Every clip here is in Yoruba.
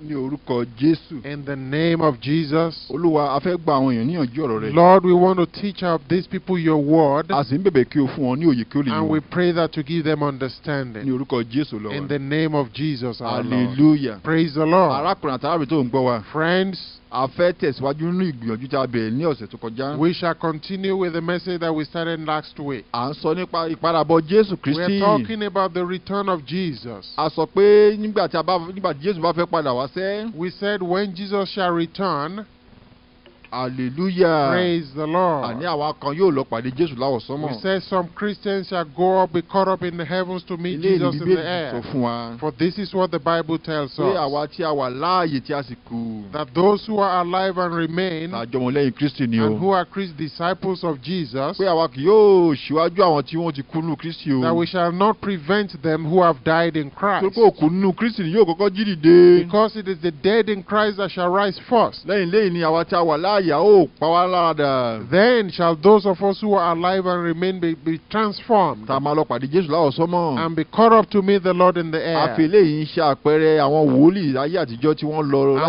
ní orúkọ jésù. in the name of jesus. olúwa a fẹ́ gba àwọn èèyàn níyànjú ọ̀rọ̀ rẹ. lord we want to teach up these people your word. a sì ń bẹ̀bẹ̀ kí o fún wọn ní òye kí o lè and we pray that to give them understanding. ní orúkọ jésù lọ́wọ́. in the name of jesus hallelujah. praise the lord. arákùnrin àtàrà tó ń gbọ́ wa. friends we shall continue with the message that we started last week. we are talking about the return of Jesus. we said when Jesus shall return. Hallelujah. Praise the Lord. Àní àwa kan yóò lọ pàdé Jésù láwọ̀ sánmọ̀. We said some Christians shall go up be caught up in the heavens to meet Jesus in the air. Ilé ìlú sọ fún wa. For this is what the Bible tells us. Pé àwa tí a wà láàyè tí a sì kú. That those who are alive and remain. Àjọmọ̀ lẹ́yìn Kristi ni o. And who are Christ disciples of Jesus. Pé àwa kì yóò ṣíwájú àwọn tí wọ́n ti kú nínú Kristi o. That we shall not prevent them who have died in Christ. Pé kò kú nínú Kristi ni yóò kọ́kọ́ jí dìde. Because it is the dead in Christ that shall rise first. Lẹ́yìn lẹ́yìn ni àwa tí a wà láàyè then shall those of us who are alive and remain be, be transformed. And be caught up to meet the Lord in the air. I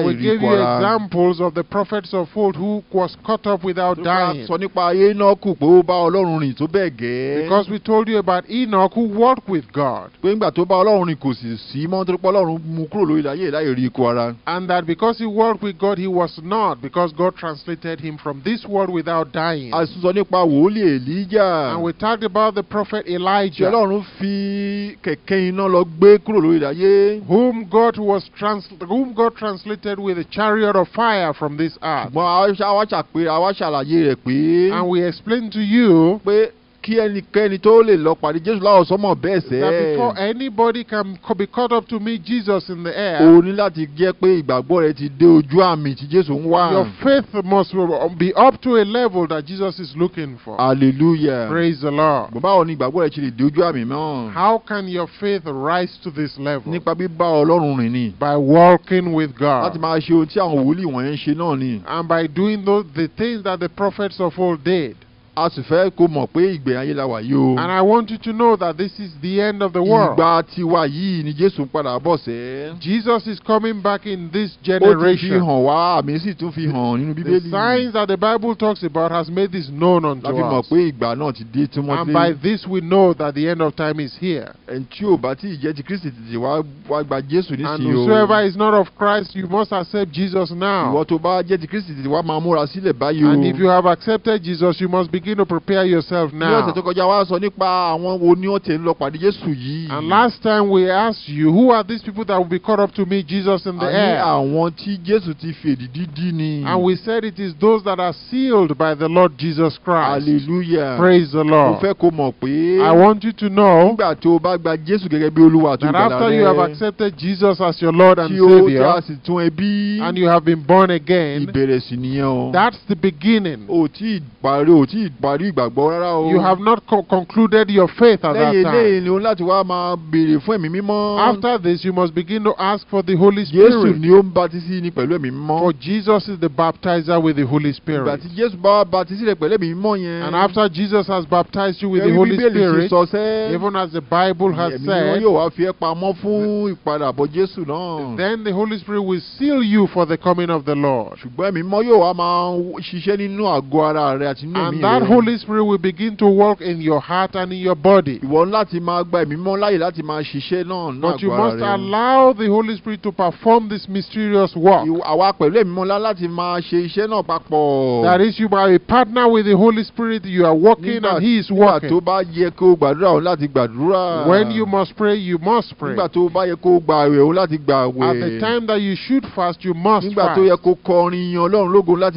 will give you examples of the prophets of old who was caught up without dying. Because we told you about Enoch who walked with God. And that because he walked with God, he was not, because God transformed translated him from this world without dying. A sọ nípa wòlíì And we talked about the prophet Elijah. Ọlọ́run fi kẹ̀kẹ́ iná lọ gbé kúrò lórí Whom God was trans whom God translated with a chariot of fire from this earth. Ṣùgbọ́n àwa ṣàpè àwa ṣàlàyé rẹ̀ pé. And we explained to you. pé kí ẹnikẹ́ni tó lè lọ pàdé Jésù láwọn sọ́mọ̀ bẹ́ẹ̀ sẹ́. that before anybody can be called up to meet Jesus in the air. o ní láti jẹ́ pé ìgbàgbọ́ rẹ ti dé ojú àmì tí Jésù ń wá. your faith must be up to a level that Jesus is looking for. hallelujah praise the Lord. ni ìgbàgbọ́ rẹ ti lè dé ojú àmì náà. how can your faith rise to this level. nípa bíbá Ọlọ́run rìn ni. by walking with God. láti máa ṣe ohun tí àwọn wòlíì wọ̀nyẹn ń ṣe náà ni. and by doing those, the things that the prophets of old did a sì fẹ́ kó mọ̀ pé ayé la wà yìí o. and I want you to know that this is the end of the world. ìgbà tiwa yìí ni Jésù padà bọ̀ sẹ́. Jesus is coming back in this generation. ó ti fi hàn wá àmì sì tún fi hàn nínú Bíbélì. the signs that the Bible talks about has made this known unto us. láti mọ̀ pé ìgbà náà ti dé tí wọ́n dé. and by this we know that the end of time is here. And tí ò bá tí ìjẹ́ ti Kristi tètè wá wá gba Jésù nísìnyí o. and whosoever is not of Christ you must accept Jesus now. ìwọ tó bá jẹ́ ti Kristi tètè wá máa múra sílẹ̀ báyìí o. and if you have accepted Jesus you must begin begin to prepare yourself now. and last time we asked you who are these people that will be caught up to meet Jesus in the air. and we said it is those that are sealed by the Lord Jesus Christ. hallelujah praise the Lord. I want you to know. nígbà that after you have accepted Jesus as your Lord and Saviour. and you have been born again. that's the beginning parí ìgbàgbọ́ rárá o. you have not co concluded your faith at that time. lẹ́yìn ni o láti wá máa béèrè fún ẹ̀mí mímọ́. after this you must begin to ask for the holy spirit. Jésù ni ó ń batisí ni pẹ̀lú ẹ̀mí mímọ́. for Jesus is the baptizer with the holy spirit. Jésù bá batisí rẹ pẹ̀lú ẹ̀mí mímọ́ yẹn. and after Jesus has baptized you with the holy spirit. even as the Bible has said. ẹ̀mí yóò wá fi ẹ́ pamọ́ fún Jésù náà. then the holy spirit will seal you for the coming of the Lord. ṣùgbọ́n ẹ̀mí mímọ́ yóò wá máa ṣiṣẹ́ nínú àgọ́ ara rẹ àti nínú rẹ. and that Holy Spirit will begin to work in your heart and in your body. But you must allow the Holy Spirit to perform this mysterious work. That is you are a partner with the Holy Spirit you are working and he is working. When you must pray you must pray. At the time that you should fast you must fast. tó At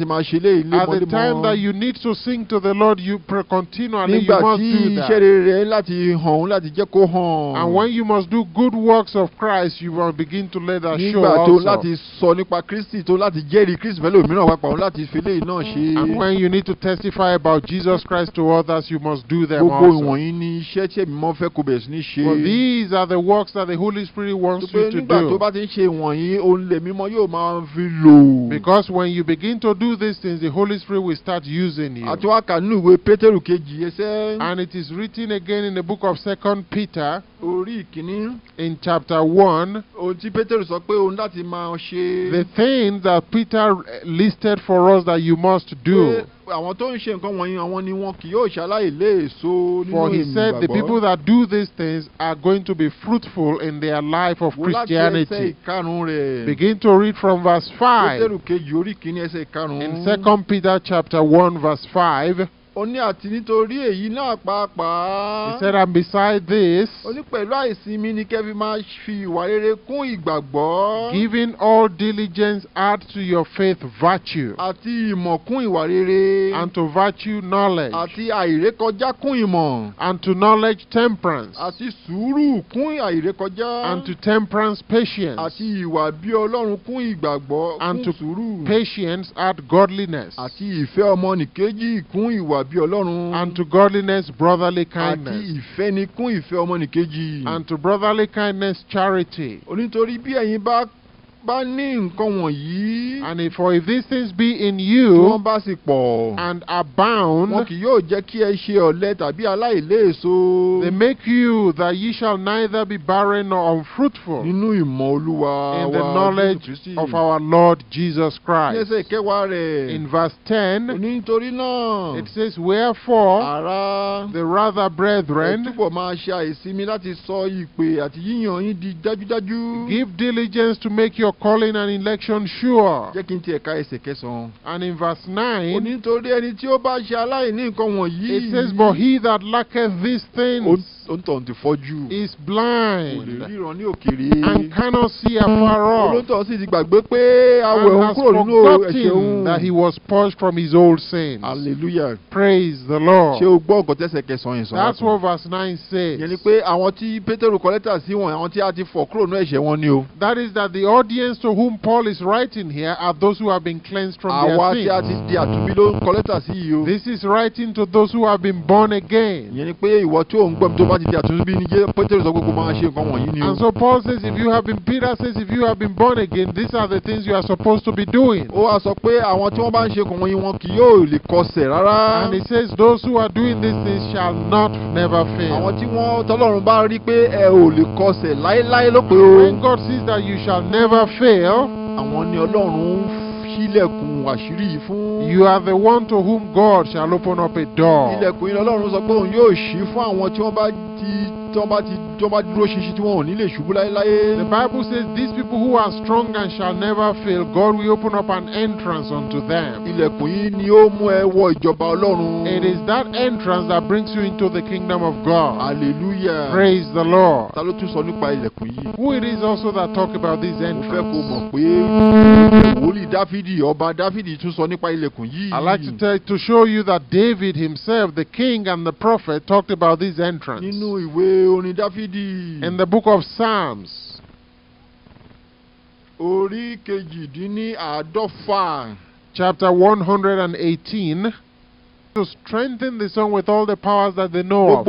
the time that you need to sing to the Lord, you continually you must do that. Nígbà tí iṣẹ́ rere láti hàn láti jẹ́ kó hàn. And when you must do good works of Christ, you will begin to let that show also. Nígbà tó láti sọ nípa Kristi tó láti jẹ́rìí Kristi láti náà ṣe. And when you need to testify about Jesus Christ to others, you must do them also. Gbogbo ìwọ̀nyí ni iṣẹ́ tí èmi mọ́ fẹ́ kó bẹ̀rẹ̀ sí ní ṣe. For these are the works that the Holy Spirit wants you to do. Nígbà tó bá ti ń ṣe ìwọ̀nyí, òun lè mímọ́ yóò máa fi lò. Because when you begin to do these things, the Holy Spirit will start using you pétérù kejì ẹsẹ̀. and it is written again in the book of second peter. orí ìkíní. in chapter one. ohun tí pétérù sọ pé òun láti máa ṣe. the things that Peter listed for us that you must do. àwọn tó ń ṣe nǹkan wọ̀nyí àwọn ni wọn kì yóò lé èso for he said the people that do these things are going to be fruitful in their life of Christianity. begin to read from verse five. pétérù kejì kìíní ẹsẹ̀ ìkarùn-ún. in second Peter chapter one verse five. ó ní àti nítorí èyí náà pàápàá. he said and beside this. ó ní pẹ̀lú àìsinmi ni kẹ́bí máa fi ìwà rere kún ìgbàgbọ́. giving all diligence add to your faith virtue. àti ìmọ̀ kún ìwà rere. and to virtue knowledge. àti àìrékọjá kún ìmọ̀. and to knowledge temperance. àti sùúrù kún àìrékọjá. and to temperance patience. àti ìwà bí Ọlọ́run kún ìgbàgbọ́ kún sùúrù. and to patience add godliness. àti ìfẹ́ ọmọnìkejì kún ìwà àbí ọlọ́run. and to godliness brotherly kindness. àti ìfẹ́nikún ìfẹ́ ọmọnìkejì. and to brotherly kindness charity. onítorí bí ẹ̀yin bá bá ní nǹkan wọ̀nyí. and if for if these things be in you. tí wọ́n bá sì pọ̀. and abound. wọn kì yóò jẹ́ kí ẹ ṣe ọ̀lẹ tàbí aláìléèso. they make you that ye shall neither be barren nor unfruitful. nínú ìmọ̀ olúwa wa in the knowledge of our Lord Jesus Christ. ní ẹsẹ̀ ìkẹwàá rẹ̀. in verse ten. nítorí náà. it says wherefore. ará. the rather brethren. ẹ túbọ̀ máa ṣe àìsinmi láti sọ ìpè àti yíyan yín di dájúdájú. give diligence to make your your calling and election sure. and in verse nine. it says but he that lacketh these things. is blind. and cannot see afar off. And has forgotten that he was purged from his old sins. hallelujah. praise the lord. that's what verse nine says. that is that the audience. Christians to whom Paul is writing here are those who have been cleansed from their sins. Àwa tí a ti di àtúnbí ló ń kọ lẹ́tà sí yìí o. This is writing to those who have been born again. Ìyẹn ni pé ìwọ tí òun gbọ́n tó bá ti di àtúnbí ni jẹ́ Pétérù sọ pé máa ṣe nǹkan wọ̀nyí ni o. And so Paul says if you have been Peter says if you have been born again these are the things you are supposed to be doing. Ó wá sọ pé àwọn tí wọ́n bá ń ṣe kùnrin wọn kì yóò lè kọsẹ̀ rárá. And he says those who are doing these things shall not never fail. Àwọn tí wọ́n tọ́lọ́run bá rí pé ẹ ò lè kọsẹ̀ láéláé ló o. When God sees that you shall never fail, àwọn ni Ọlọ́run ṣílẹ̀kùn àṣírí yìí fún. You are the one to whom God shall open up a door. Ilẹ̀kùn yìí Ọlọ́run sọ pé òun yóò ṣí fún àwọn tí wọ́n bá ti tí ti tí dúró ṣinṣin tí wọ́n ò ní lè ṣubú láéláé. The Bible says these people who are strong and shall never fail, God will open up an entrance unto them. Ilẹ̀kùn yìí ni ó mú ẹ wọ ìjọba Ọlọ́run. It is that entrance that brings you into the kingdom of God. Hallelujah. Praise the Lord. Ta ló tún sọ nípa ilẹ̀kùn yìí? Who it is also that talk about this entrance? Mo fẹ́ kó mọ̀ pé wòlíì Dáfídì ọba Dáfídì tún sọ nípa ilẹ̀kùn yìí. I like to tell to show you that David himself, the king and the prophet talked about this entrance. Nínú ìwé dáfídì. in the book of psalms. orí Adofa, chapter one hundred and eighteen. To strengthen the song with all the powers that they know of.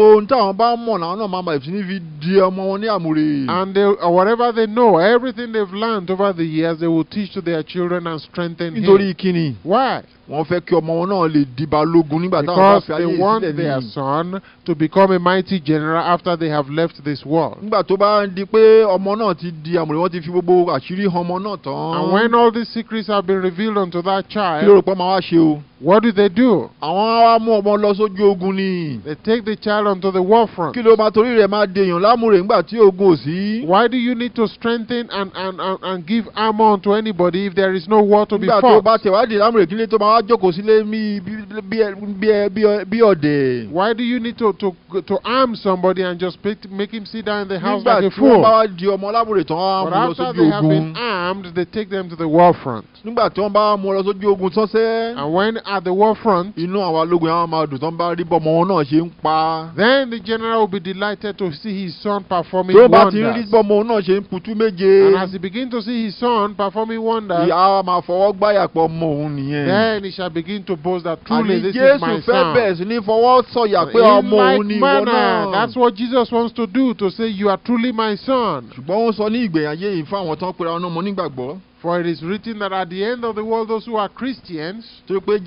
And they, uh, whatever they know, everything they've learned over the years, they will teach to their children and strengthen him. Why? because they want their son to become a mighty general after they have left this world. and when all these secrets have been revealed unto that child. What do they do? They take the child onto the war front. Why do you need to strengthen and and and, and give armor unto anybody if there is no war to be fought? why do you need to to to arm somebody and just pick, make him sit down in the house like a fool. but after they have been armed they take them to the war front. and when at the war front. then the general will be delighted to see his son performing wonders. and as he begins to see his son performing wonders. ìyá máa then shall begin to boast that truly this is my son. In like manner, that's what Jesus wants to do, to say you are truly my son. For it is written that at the end of the world, those who are Christians. God,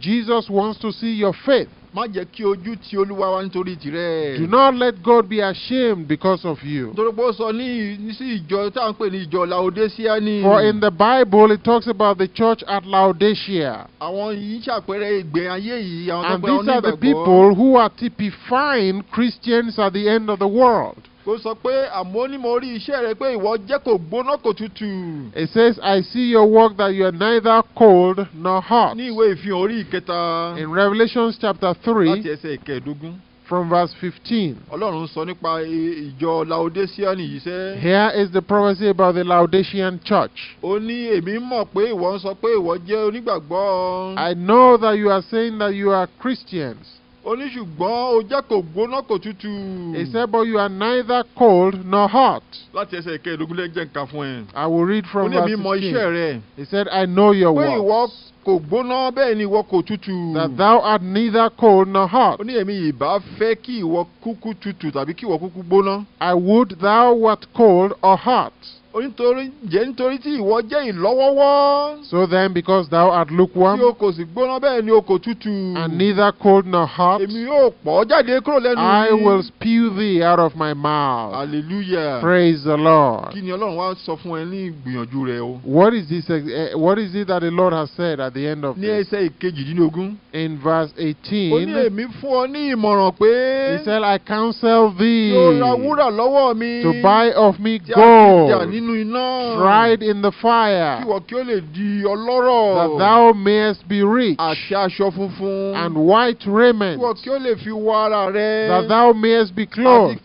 Jesus wants to see your faith má jẹ́ kí ojú ti olúwa wá nítorí tirẹ̀. do not let God be ashamed because of you. torí sọ ní sí ìjọ à ń pè ní ìjọ laodicea ni. for in the Bible it talks about the church at Laodicea. àwọn yìí ṣàpẹẹrẹ ìgbẹ́ ayé yìí and these are the people who are typifying Christians at the end of the world ó sọ pé àmọ́ ní mo rí iṣẹ́ rẹ pé ìwọ jẹ́ kò gbóná kò tutù. It says, I see your work that you are neither cold nor hot. Ní ìwé ìfihàn orí ìkẹta. In Revelations chapter three. Láti ẹsẹ̀ ìkẹẹ̀dógún. From verse fifteen. Ọlọ́run sọ nípa ìjọ Laodicean yìí sẹ́. Here is the prophecy about the Laodicean church. Ó ní èmi mọ̀ pé ìwọ ń sọ pé ìwọ jẹ́ onígbàgbọ́. I know that you are saying that you are Christians ó ní ṣùgbọ́n o sugbon kò gbóná kò tútù. he said but you are neither cold nor hot. láti ẹsẹ̀ jẹ́ nǹkan fún ẹ. I will read from verse sixteen. mi mọ iṣẹ́ rẹ. he said I know your works. pé ìwọ kò gbóná bẹ́ẹ̀ ni ìwọ kò tútù. that thou art neither cold nor hot. èmi ìbá fẹ́ kí ìwọ kúkú tútù tàbí kí ìwọ kúkú gbóná. I would thou wert cold or hot nítorí jẹ́ nítorí tí ìwọ jẹ́ ìlọ́wọ́wọ́. so then because thou art lukewarm. tí o kò sì gbóná bẹ́ẹ̀ ni o kò tútù. and neither cold nor hot. èmi yóò pọ̀ jáde kúrò lẹ́nu mi. I will spew thee out of my mouth. hallelujah. praise the Lord. kí ni Ọlọ́run wá sọ fún ẹ ní ìgbìyànjú rẹ o. what is this uh, what is it that the Lord has said at the end of this. ní ẹsẹ̀ ìkejìdínlógún. in verse eighteen. ó ní èmi fún ọ ní ìmọ̀ràn pé. he said I counsel thee. yóò ra wúrà lọ́wọ́ mi. to buy of me gold. tí a ti jà nínú. Tried in the fire. That thou mayest be rich. And white raiment. That thou mayest be clothed.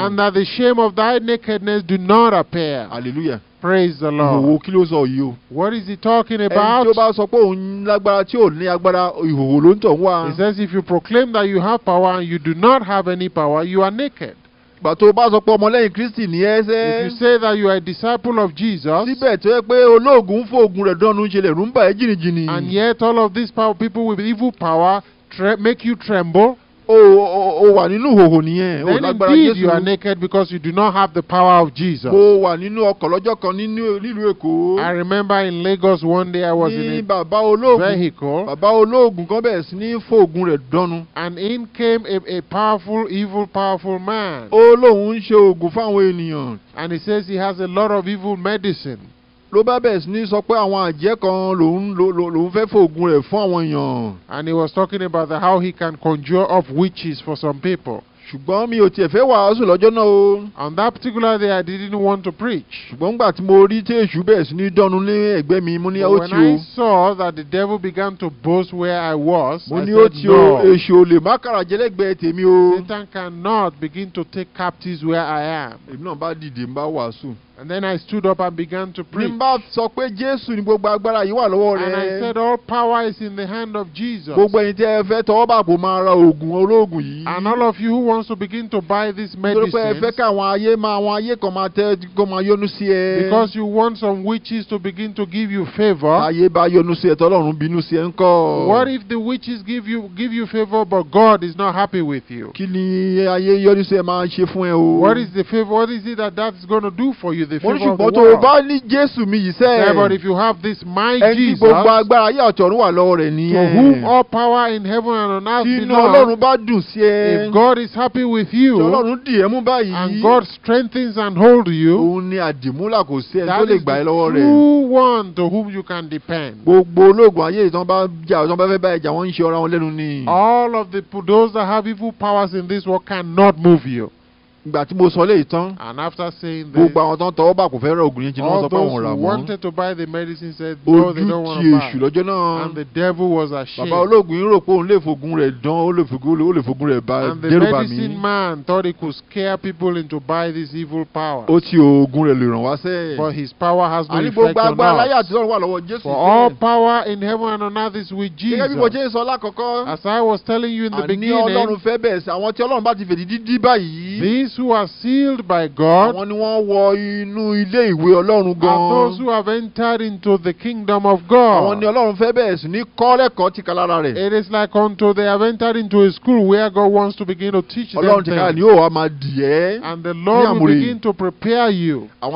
And that the shame of thy nakedness do not appear. Hallelujah. Praise the Lord. Ìhòhò kí ló sọ yìí o. What is he talking about? Ẹni tí ó bá sọ pé òun lágbára tí ò ní agbára ìhòhò ló ń tọ̀ wá. He says if you proclaim that you have power and you do not have any power, you are naked. ìgbà tó o bá sọ pé ọmọlẹ́yìn Kristi ni ẹ ṣe. if you say that you are a disciple of Jesus. síbẹ̀ tó yẹ pé olóògùn fóògùn rẹ̀ dánú ṣe lè rúmbà ẹ́ jìnnìjìnnì. and yet all of these people with evil power make you tremble. ó wà nínú ìhòhò nìyẹn ó lágbára Jésù. then indeed you are naked because you do not have the power of Jesus. mo wà nínú ọkọ̀ lọ́jọ́ kan nínú nílùú Èkó. I remember in Lagos one day I was in a baba vehicle. Baolo olóògùn kan bẹ̀rẹ̀ sí ní and in came a, powerful evil powerful man. Oh, lo, ń ṣe oògùn and he says he has a lot of evil medicine. ló ní sọ pé àwọn àjẹ́ kan lòun lòun fẹ́ fògùn rẹ̀ fún àwọn èèyàn. and he was talking about the, how he can conjure up witches for some people. ṣùgbọ́n mi ò tiẹ̀ fẹ́ wàásù lọ́jọ́ náà o. on that particular day I didn't want to preach. ṣùgbọ́n nígbà tí mo rí tí èṣù bẹ̀rẹ̀ sí ní dọ́nu ní ẹ̀gbẹ́ mi mo ní ó o. when I saw that the devil began to boast where I was. mo ní ó o èṣù ò lè má kàrà jẹlẹ́gbẹ̀ẹ́ tèmi o. Satan cannot begin to take captives where I am. èmi náà bá dìde n bá wàásù. And then I stood up and began to preach. And I said all power is in the hand of Jesus. And all of you who wants to begin to buy this medicine. Because you want some witches to begin to give you favour. What if the witches give you give you favour but God is not happy with you? What is the favour? What is it that that's gonna do for you? the favour of the world. mo ní ṣùgbọ́n tó bá ní Jésù mi yìí sẹ́ẹ̀. Yeah, but if you have this mind, Jesus. ẹni gbogbo agbára ayé ọ̀tọ̀run wà lọ́wọ́ rẹ̀ nìyẹn. to whom all power in heaven and on earth belong. tí inú Ọlọ́run bá dùn sí ẹ. if God is happy with you. tí Ọlọ́run dì ẹ́ mú báyìí. and God strengthens and holds you. òun ni àdìmúlà kò sí ẹni tó lè gbà ẹ́ lọ́wọ́ rẹ̀. that is the true one to whom you can depend. gbogbo ológun ayé ìtàn bá jà ìtàn bá fẹ́ bá ẹja wọ́n ń ṣe ọ̀rọ̀ all of the those that have evil powers in this world cannot move you mo sọ léyìí tán. and after saying this. gbogbo àwọn tọwọ́ bà kò yẹn jìnnà wọ́n sọ pé àwọn rà mọ́. all those who wanted to buy the medicine said no they don't want buy. ojú ti èṣù lọ́jọ́ náà. and the devil was ashamed. bàbá yìí rò pé òun lè fogun rẹ̀ dán ó lè fogun rẹ̀ bá mi. and the medicine man thought he could scare people into buy this evil power. ó ti rẹ̀ lè ràn wá sẹ́ẹ̀. but his power has no effect on us. àtijọ́ wà lọ́wọ́ Jésù. for all power in heaven and on earth is with Jesus. as I was telling you in the beginning. these who are sealed by God. and those who have entered into the kingdom of God. It is like until they have entered into a school where God wants to begin to teach them things. And the Lord will begin to prepare you. And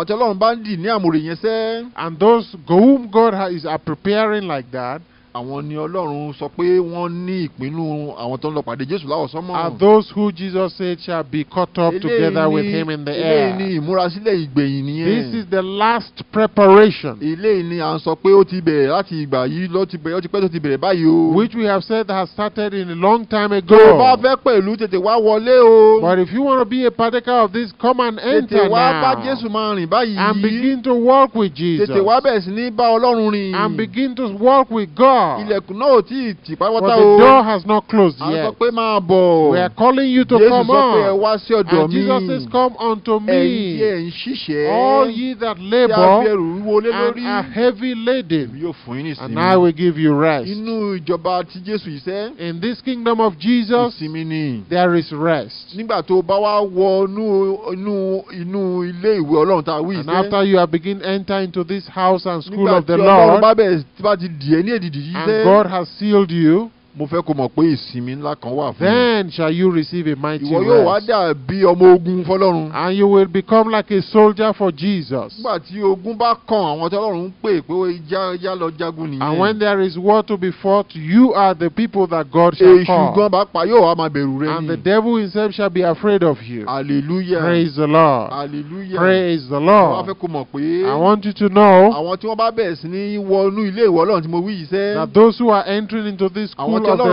those whom God is preparing like that àwọn ni Ọlọ́run sọ pé wọ́n ní ìpinnu àwọn tó ń lọ pàdé Jésù láwọ̀ sánmọ̀. are those who Jesus said shall be caught up together with him in the air. eléyìí ni ìmúrasílẹ̀ ìgbẹ̀yìn nìyẹn. this is the last preparation. eléyìí ni à ń sọ pé ó ti bẹ̀rẹ̀ láti ìgbà yìí ló ti bẹ̀rẹ̀ ó ti pẹ́ tó ti bẹ̀rẹ̀ báyìí o. which we have said has started in a long time ago. tó o bá fẹ́ pẹ̀lú tètè wá wọlé o. but if you want to be a partaker of this come and enter now. tètè wá bá Jésù máa rìn báyìí. and begin to walk with Jesus. and begin to walk with God door. ilẹ̀kùn náà ò tí ì tì o. but the door has not closed yet. a sọ pé máa bọ̀. we are calling you to Jesus come on. Jésù sọ pé ẹ wá sí ọ̀dọ̀ mi. and Jesus says come unto me. ẹ̀yin tí ẹ̀ ń ṣiṣẹ́. all ye that labour. and are heavy laden. yóò fún yín and I will give you rest. inú ìjọba ti Jésù yìí sẹ́. in this kingdom of Jesus. ìsinmi ni. there is rest. nígbà tó bá wá wọ inú inú ilé ìwé Ọlọ́run tá a wí. and after you have begin enter into this house and school of the Lord. nígbà tí Ọlọ́run bá bẹ̀ tí bá ti olorun ba ba ti ni yìí and God has sealed you mo fẹ́ kó mọ̀ pé ìsinmi ńlá kan wà fún mi. then shall you receive a mighty rest. ìwọ yóò wá dà bí ọmọ ogun fọlọ́run. and you will become like a soldier for Jesus. nígbà tí ogun bá kàn àwọn tí ọlọ́run ń pè pé já já lọ jagun nìyẹn. and when there is war to be fought you are the people that God shall call. èṣù gan pàápàá yóò wá máa bẹ̀rù rẹ ni. and the devil himself shall be afraid of you. hallelujah praise the Lord. hallelujah praise the Lord. wọ́n fẹ́ kó mọ̀ pé. I want you to know. àwọn tí wọ́n bá bẹ̀rẹ̀ sí ní wọnú ilé ìwọ tí mo wí yìí sẹ́. that those who are entering into this school. of the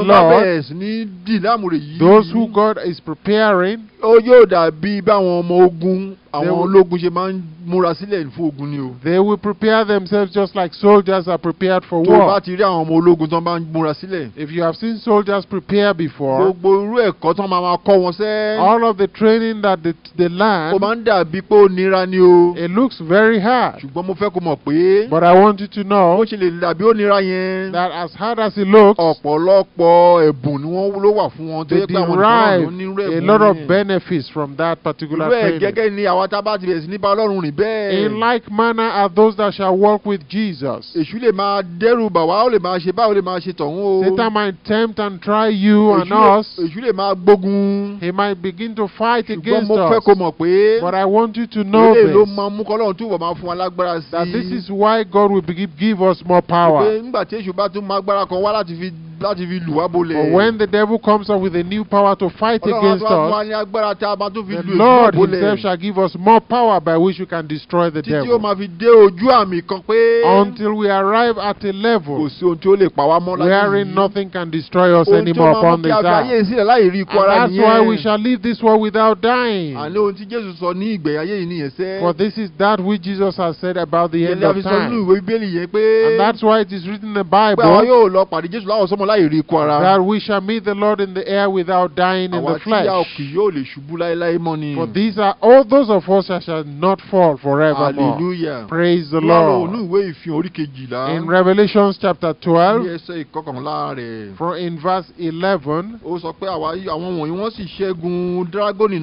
Lord, those who God is preparing, ó yóò dàbí báwọn ọmọ ogun. àwọn ológun ṣe máa ń múra sílẹ̀ fún ogun ni o. they will prepare themselves just like soldiers are prepared for war. tó o bá ti rí àwọn ọmọ ológun ń múra sílẹ̀. if you have seen soldiers prepare before. gbogbo irú ẹ̀kọ́ máa kọ́ wọn sẹ́. all of the training that they, they learn. ó máa ń dàbí pé ó nira ni o. it looks very hard. ṣùgbọ́n mo fẹ́ kó mọ̀ pé. but I want you to know. bó ṣe lè dàbí ó nira yẹn. that as hard as it looks. ọ̀pọ̀lọpọ̀ ẹ̀bùn ni wọ́n ló wà fún wọn. they derive a lot of benefits from that particular training. àwa tá a bá ti bẹ̀rẹ̀ sí ní bá ọlọ́run rìn bẹ́ẹ̀. in like manner are those that shall walk with Jesus. èṣù lè máa dẹ́rù bà ó lè máa ṣe báwo lè máa ṣe tọ̀hún o. Satan might tempt and try you and us. èṣù lè máa gbógun. he might begin to fight against us. ṣùgbọ́n mo fẹ́ kó mọ̀ pé. but I want you to know this. ilé ló máa mú kọ́lọ́run túbọ̀ máa fún wa lágbára sí i. that this is why God will give us more power. pé nígbà tí èṣù bá tún máa gbára kan wá láti fi láti fi lù wá bolẹ̀. But when the devil comes up with a new power to fight against us, Ọlọ́run àti agbára a máa tún fi lù bolẹ̀. The Lord himself shall give us more power by which we can destroy the devil. Títí ó máa fi dé ojú àmì kan pé. Until we arrive at a level. Kò sí ohun tí ó lè mọ́ láti. Wherein nothing can destroy us anymore upon this earth. Ohun tí ó máa mú kí láì rí ikú ara nìyẹn. And that's why we shall leave this world without dying. ohun tí Jésù sọ ní yìí nìyẹn sẹ́. For this is that which Jesus has said about the end of time. Ìyẹn fi sọ nínú ìwé Bíbélì yẹn pé. And that's why it is written in the Bible. Pé àwọn yóò lọ pàdé Jésù láwọn sọmọ ara. that we shall meet the Lord in the air without dying in the flesh. àwa tí a yóò lè ṣubú láéláé mọ́ ni. for these are all those of us that shall not fall forevermore. hallelujah praise the Lord. lọ́rọ̀ ìwé ìfihàn orí kejìlá. in Revelation chapter twelve. ní ẹsẹ̀ ìkọkànlá rẹ̀. from in verse eleven. ó sọ pé àwọn wọ̀nyí wọ́n sì ṣẹ́gun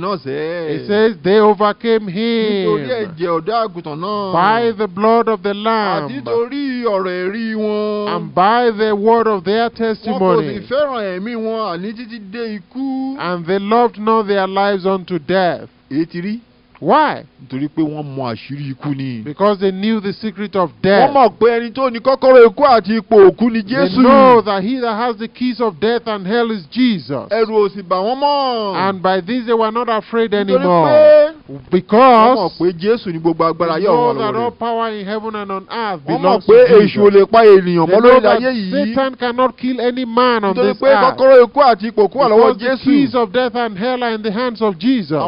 náà sẹ́. it says they overcame him. nítorí ẹ̀jẹ̀ ọ̀dọ́ àgùntàn náà. by the blood of the lamb. àti nítorí ọ̀rọ̀ ẹ̀rí wọn. and by the word of their testimony testimony. And they loved not their lives unto death. Why? Nítorí pé wọ́n mọ àṣírí ikú ni. Because they knew the secret of death. Wọ́n mọ̀ pé ẹni tó ní kọ́kọ́rọ́ ikú àti ipò òkú ni Jésù. They know that he that has the keys of death and hell is Jesus. Ẹ̀rù ò sì bà wọ́n mọ́. And by this they were not afraid anymore. Nítorí pé because. wọ́n that all power in heaven and on earth belongs to Jesus. wọ́n that Satan cannot kill any man on this earth. because the keys of death and hell are in the hands of Jesus.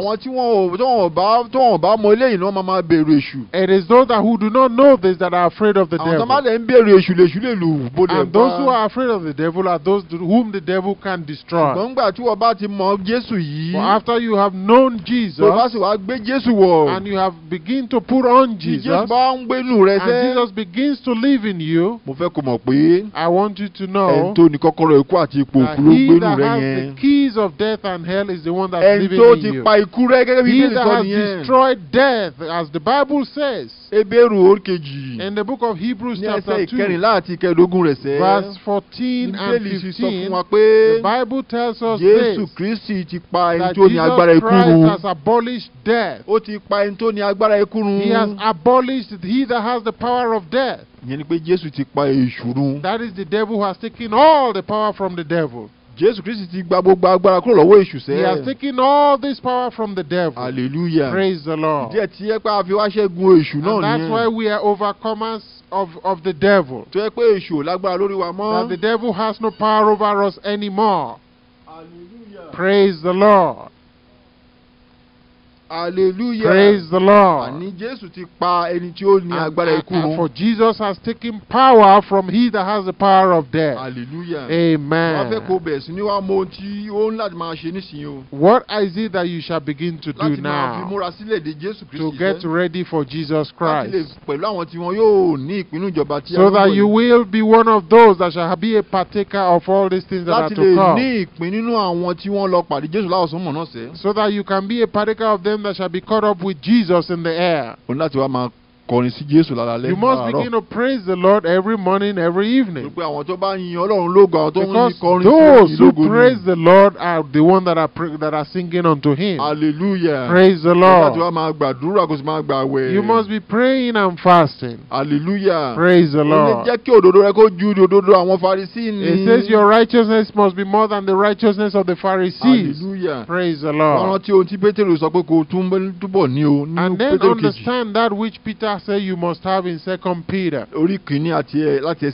it is those that who do not know this that are afraid of the devil. and those who are afraid of the devil are those whom the devil can destroy. but after you have known Jesus gbé Jésù wọ̀. and you have begin to put on Jesus. Jésù bá ń rẹ sẹ́. and Jesus begins to live in you. mo fẹ́ kó mọ̀ pé. I want you to know. tó ní kọ́kọ́rọ́ ikú àti ipò rẹ yẹn. that he that has the keys of death and hell is the one that's living in you. tó ti pa ikú rẹ gẹ́gẹ́ bí sọ nìyẹn. he that has destroyed death as the Bible says. Ebéèrú orí In the book of Hebrews chapter two. Ní ẹsẹ̀ ìkẹrìnlá àti ìkẹẹ̀dógún rẹ̀ sẹ́. Verse fourteen and fifteen. Bíbélì sọ fún wa pé. The Bible tells us this. Jésù Kristi ti pa ẹni tó ní agbára ikú run. That Jesus Christ has abolished death. Ó ti pa ẹni tó ní agbára ikú run. He has abolished he that has the power of death. Ìyẹn ni pé Jésù ti pa èṣù run. That is the devil who has taken all the power from the devil. Jesus Christ ti gba gbogbo agbára kúrò lọ́wọ́ èṣù He has taken all this power from the devil. Hallelujah. Praise the Lord. tí ẹ wá ṣẹ́gun èṣù náà nìyẹn. And that's why we are overcomers of of the devil. Tó yẹ pé èṣù ò lágbára lórí wa mọ́. That the devil has no power over us anymore. Hallelujah. Praise the Lord. Hallelujah. Praise the Lord. For Jesus has taken power from he that has the power of death. Hallelujah. Amen. What is it that you shall begin to do now? To get ready for Jesus Christ. So that you will be one of those that shall be a partaker of all these things that are to come. So that you can be a partaker of them them that shall be caught up with Jesus in the air kọrin sí Jésù lára lẹ́yìn àárọ̀. you must begin to praise the Lord every morning every evening. àwọn tó bá yin Ọlọ́run lógo àwọn tó ń kọrin sí Ọlọ́run lógo ni. because those who praise the Lord are the ones that are that are singing unto him. hallelujah praise the Lord. máa gbàdúrà kó sì máa you must be praying and fasting. hallelujah praise the Lord. ó jẹ́ kí òdodo rẹ kó ju òdodo àwọn ni. it says your righteousness must be more than the righteousness of the Pharisees. hallelujah praise the Lord. ohun tí Pétérù sọ pé kò túbọ̀ ní o. and then understand that which Peter passage you must have in Second Peter. Orí kìíní àti láti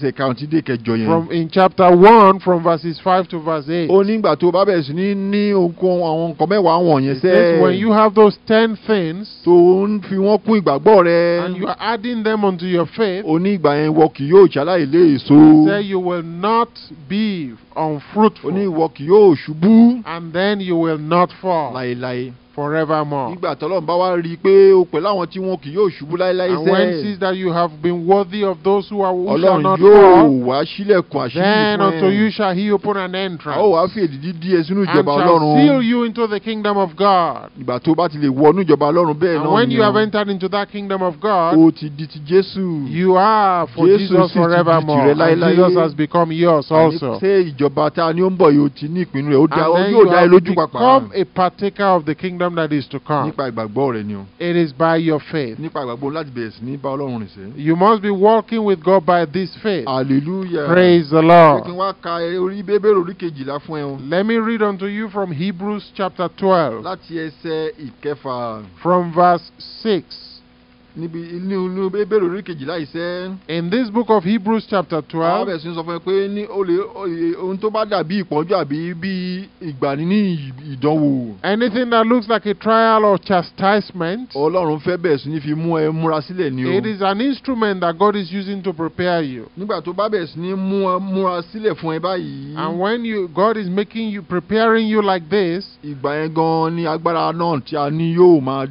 dé kẹjọ yẹn. From in chapter one from verses five to verse eight. Ó nígbà tó bá bẹ̀rẹ̀ sí ní ní ohunkóhun àwọn nǹkan mẹ́wàá sẹ́. says when you have those ten things. Tó fi wọ́n kún ìgbàgbọ́ rẹ. And you are adding them unto your faith. O ní ìgbà yẹn wọ kì yóò ṣaláì lé èso. Say you will not be unfruitful. O ní ìwọ kì yóò ṣubú. And then you will not fall forevermore. and when sees that you have been worthy of those who are who Ọlọ́run shall not fall. Ọlọ́run then unto you shall he open an entrance. a ó wá fi èdìdí díẹ̀ sínú ìjọba Ọlọ́run. and shall seal you into the kingdom of God. and when you have entered into that kingdom of God. you are for Jesus, forevermore and Jesus has become yours also. and then you have become a partaker of the kingdom kingdom that is to come. it is by your faith. you must be walking with God by this faith. hallelujah. praise the Lord. let me read unto you from Hebrews chapter twelve. from verse six níbi ebèrè orí kejìlá in this book of Hebrews chapter twelve. sọ fún pé ní ohun tó bá dàbí ìpọ́njú àbí bí ìgbani ní ìdánwò. anything that looks like a trial or chastisement. ọlọ́run fẹ́ bẹ̀rẹ̀ sí ní fi mú ẹ múra sílẹ̀ ni o. it is an instrument that God is using to prepare you. nígbà tó bá bẹ̀rẹ̀ sí ní mú ẹ múra sílẹ̀ fún ẹ báyìí. and when you God is making you preparing you like this. ìgbà yẹn gan-an ni agbára náà tí a ní yóò máa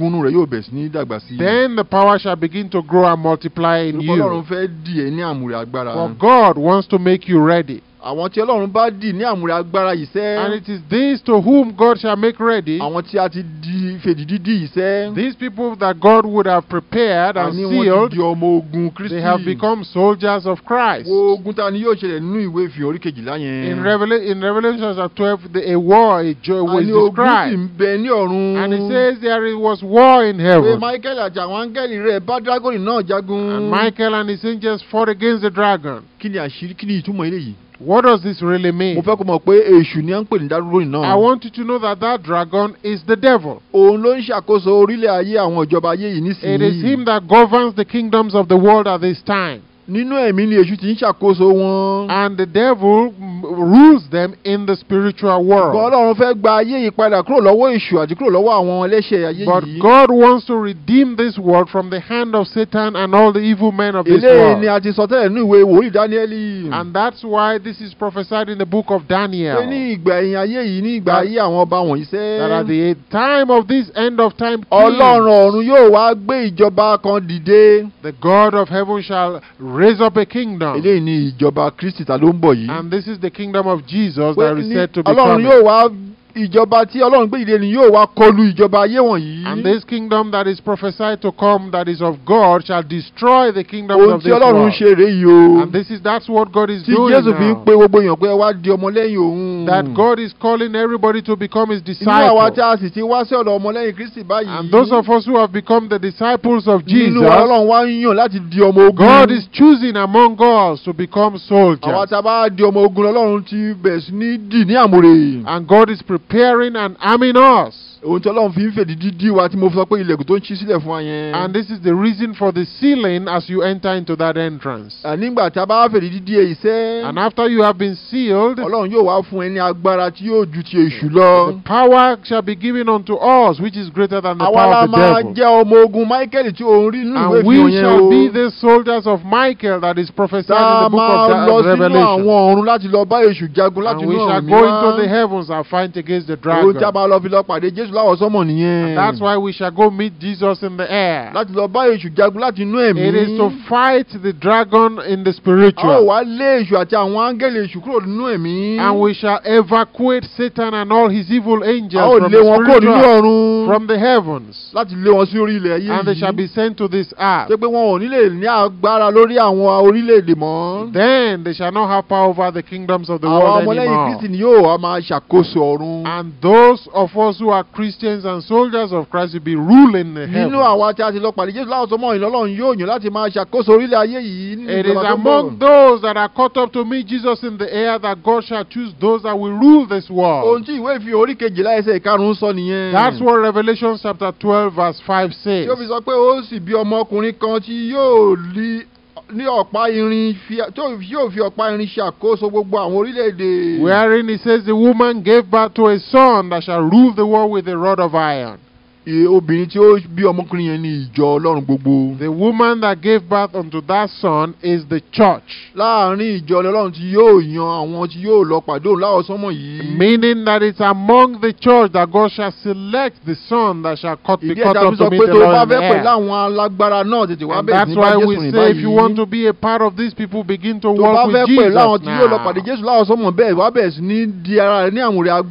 rẹ̀ yóò sí ní dàgbà sí i. then the power shall begin to grow and multiply in you. ọlọ́run fẹ́ dì ẹ́ ní àmùrè agbára. for God wants to make you ready àwọn tí ọlọ́run bá dì ní àmúre agbára yìí sẹ́. and it is these to whom God shall make ready. àwọn tí a ti di fèdìdí yìí sẹ́. these people that God would have prepared and sealed. àní wọ́n ti di ọmọ ogun Kristi. they have become soldiers of Christ. ogun ta ni yóò ṣẹlẹ̀ nínú ìwé ìfihàn orí kejìlá yẹn. in Revelation in Revelation chapter twelve the a war a joy was described. àní ogun ń bẹ ní ọ̀run. and it says there was war in heaven. pé Michael àti àwọn áńgẹ́lì rẹ̀ bá dragon náà jagun. and Michael and his angels fought against the dragon. kí ni àṣírí kí ni ìtumọ̀ eléyìí. What does this really mean? Mo fẹ́ kó mọ̀ pé èṣù ni à ń pè Dádúróyìn náà. I want you to know that that dragon is the devil. Òun ló ń ṣàkóso orílẹ̀ ayé àwọn ìjọba ayé yìí nísìnyí. It is him that governs the kingdoms of the world at this time nínú ẹ̀mí ni èṣù ti ń ṣàkóso wọn. and the devil rules them in the spiritual world. fẹ́ gba ayé yìí padà kúrò lọ́wọ́ èṣù àti kúrò lọ́wọ́ àwọn ẹlẹ́ṣẹ̀ ayé yìí. but God wants to redeem this world from the hand of Satan and all the evil men of this world. ni a ti sọ tẹ́lẹ̀ nínú ìwé Dáníẹ́lì. and that's why this is prophesied in the book of Daniel. pé ní ìgbà ẹ̀yìn ayé yìí ní ìgbà ayé àwọn ọba wọ̀nyí sẹ́. that at the time of this end of time. ọlọ́run ọ̀run yóò wá gbé ìjọba kan dìde. the God of heaven shall raise up a kingdom. eléyìí ni ìjọba Kristi ta ló ń bọ̀ yìí. and this is the kingdom of Jesus that is said to be coming. ọlọ́run yóò wá ìjọba tí ọlọ́run gbé ìdè ni yóò wá kọlu ìjọba ayé wọ̀nyí. and this kingdom that is prophesied to come that is of God shall destroy the kingdom of this world. ohun tí ọlọ́run ṣe rèé yìí o. and this is that's what God is doing now. tí Jésù fi ń pe gbogbo èèyàn pé ẹ wá di ọmọlẹ́yìn òun. that God is calling everybody to become his disciple. inú àwa tí a sì ti wá sí ọ̀dọ̀ ọmọlẹ́yìn Kristi báyìí. and those of us who have become the disciples of Jesus. nínú ọlọ́run wá ń yàn láti di ọmọ ogun. God is choosing among us to become soldiers. àwa tí a bá di ọmọ ogun ọlọ́run ba di sí ní be and God is preparing and arming us. ohun tí ọlọ́run fi ń wa tí mo sọ pé ilẹ̀kùn tó ń ṣí sílẹ̀ fún wa yẹn. and this is the reason for the sealing as you enter into that entrance. tí a bá sẹ́. and after you have been sealed. ọlọ́run yóò wá fún ẹ ní agbára tí yóò ju ti èṣù lọ. the power shall be given unto us which is greater than the power of the devil. àwa la máa jẹ́ ọmọ ogun Michael tí rí nínú ìwé yẹn o. and we shall be the soldiers of Michael that is prophesied in the book of Revelation. tá a máa lọ sínú àwọn ọ̀run láti lọ bá èṣù jagun láti and we shall go into the heavens and against the dragon. ohun tí a máa lọ fi lọ pàdé Jésù láwọ̀ sọ́mọ̀ nìyẹn. that's why we shall go meet Jesus in the air. láti lọ bá èṣù jagun láti inú ẹ̀mí. it is to fight the dragon in the spiritual. a ó wá lé èṣù àti àwọn áńgẹ́lì èṣù kúrò nínú ẹ̀mí. and we shall evacuate Satan and all his evil angels from the spiritual from the heavens. láti lé wọn sí orí ilẹ̀ ayé yìí. and they shall be sent to this earth. ṣé pé wọn ò ní lè ní agbára lórí àwọn orílẹ̀-èdè mọ́. then they shall not have power over the kingdoms of the world anymore. àwọn Kristi ni yóò wá máa ṣàkóso ọ̀run. And those of us who are Christians and soldiers of Christ will be ruling heaven. Nínú àwa tí a ti lọ pàdé Jésù yóò yàn láti máa ṣàkóso orílẹ̀ ayé yìí. It is among those that are caught up to meet Jesus in the air that God shall choose those that will rule this world. Ohun tí ìwé kejìlá sọ nìyẹn. That's what Revelation chapter twelve verse five says. Yóò fi sọ pé ó sì bí ọmọkùnrin kan tí yóò lé ní ọ̀pá irin yóò fi ọ̀pá irin ṣàkóso gbogbo àwọn orílẹ̀-èdè. wherein he says the woman gave birth to a son that shall rule the world with a rod of iron the woman that gave birth unto that son is the church. meaning that it's among the church that God shall select the son that shall cut the cut off to the Lord and that's why we say if you want to be a part of these people begin to walk with Jesus now. if you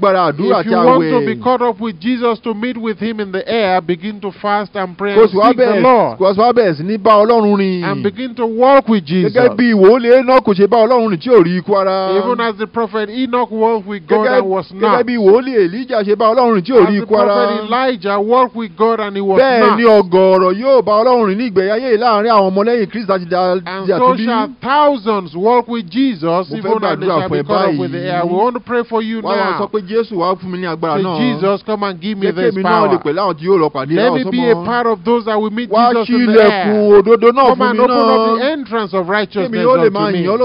want to be caught up with Jesus to meet with him in the air, begin to fast and pray and seek the Lord. Kò sí wá bẹ̀rẹ̀ ní bá Ọlọ́run rìn. And begin to walk with Jesus. Gẹ́gẹ́ bí ìwòlé Enoch ṣe bá Ọlọ́run rìn tí ò rí ikú ara. Even as the prophet Enoch walked with God and was not. Gẹ́gẹ́ bí ìwòlé Elijah ṣe bá Ọlọ́run rìn tí ò rí ikú ara. As the prophet Elijah walked with God and he was not. Bẹ́ẹ̀ ni ọ̀gọ̀ọ̀rọ̀ yóò bá Ọlọ́run rìn ní ìgbẹ̀yà ayé láàárín àwọn ọmọlẹ́yìn Kristi àti àtúbí. And so shall thousands walk with Jesus even as they shall We want to pray for you now. Say Jesus come and give me this power let me be a part of those that will meet Why Jesus in the air. come and open up the entrance of righteousness unto me. èmi yóò lè máa yìn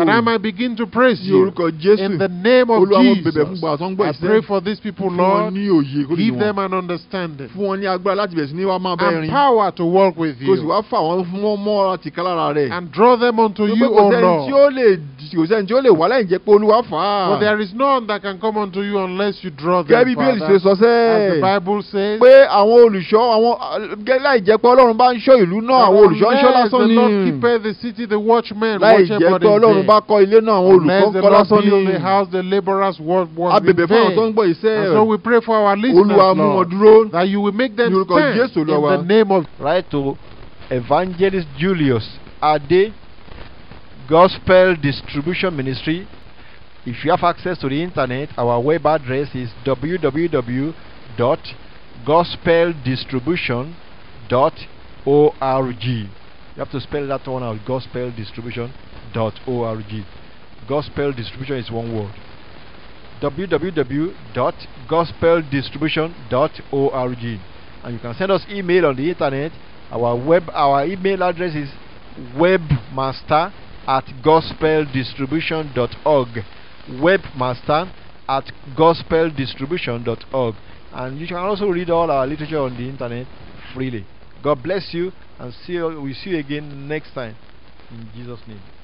that I might begin to praise you. in the name of Jesus. I pray for these people Lord. give them an understanding. and power to work with you. and draw them unto you o Lord. kò but there is none that can come unto you unless you draw them. as the Bible says pé àwọn olùṣọ́ àwọn láì jẹ́ pé ọlọ́run bá ń ṣọ́ ìlú náà àwọn olùṣọ́ ń ṣọ́ lásán ni. the Lord keepeth the city the watchmen watch everybody. láì jẹ́ pé ọlọ́run bá kọ́ ilé náà àwọn olùkọ́ kọ́ lásán ni. the house the labourers work work in vain. fún àwọn tó ń gbọ́ iṣẹ́ rẹ̀. so we pray for our listeners olúwa mú wọn dúró. that you will make them stand in the name of. write to evangelist Julius Ade Gospel Distribution Ministry. If you have access to the internet, our web address is www dot gospeldistribution.org. You have to spell that one out gospeldistribution.org. Gospel distribution is one word. www.gospeldistribution.org. And you can send us email on the internet. Our web our email address is webmaster at gospeldistribution.org. Webmaster at gospeldistribution.org and you can also read all our literature on the internet freely. God bless you and see you, we see you again next time in Jesus name.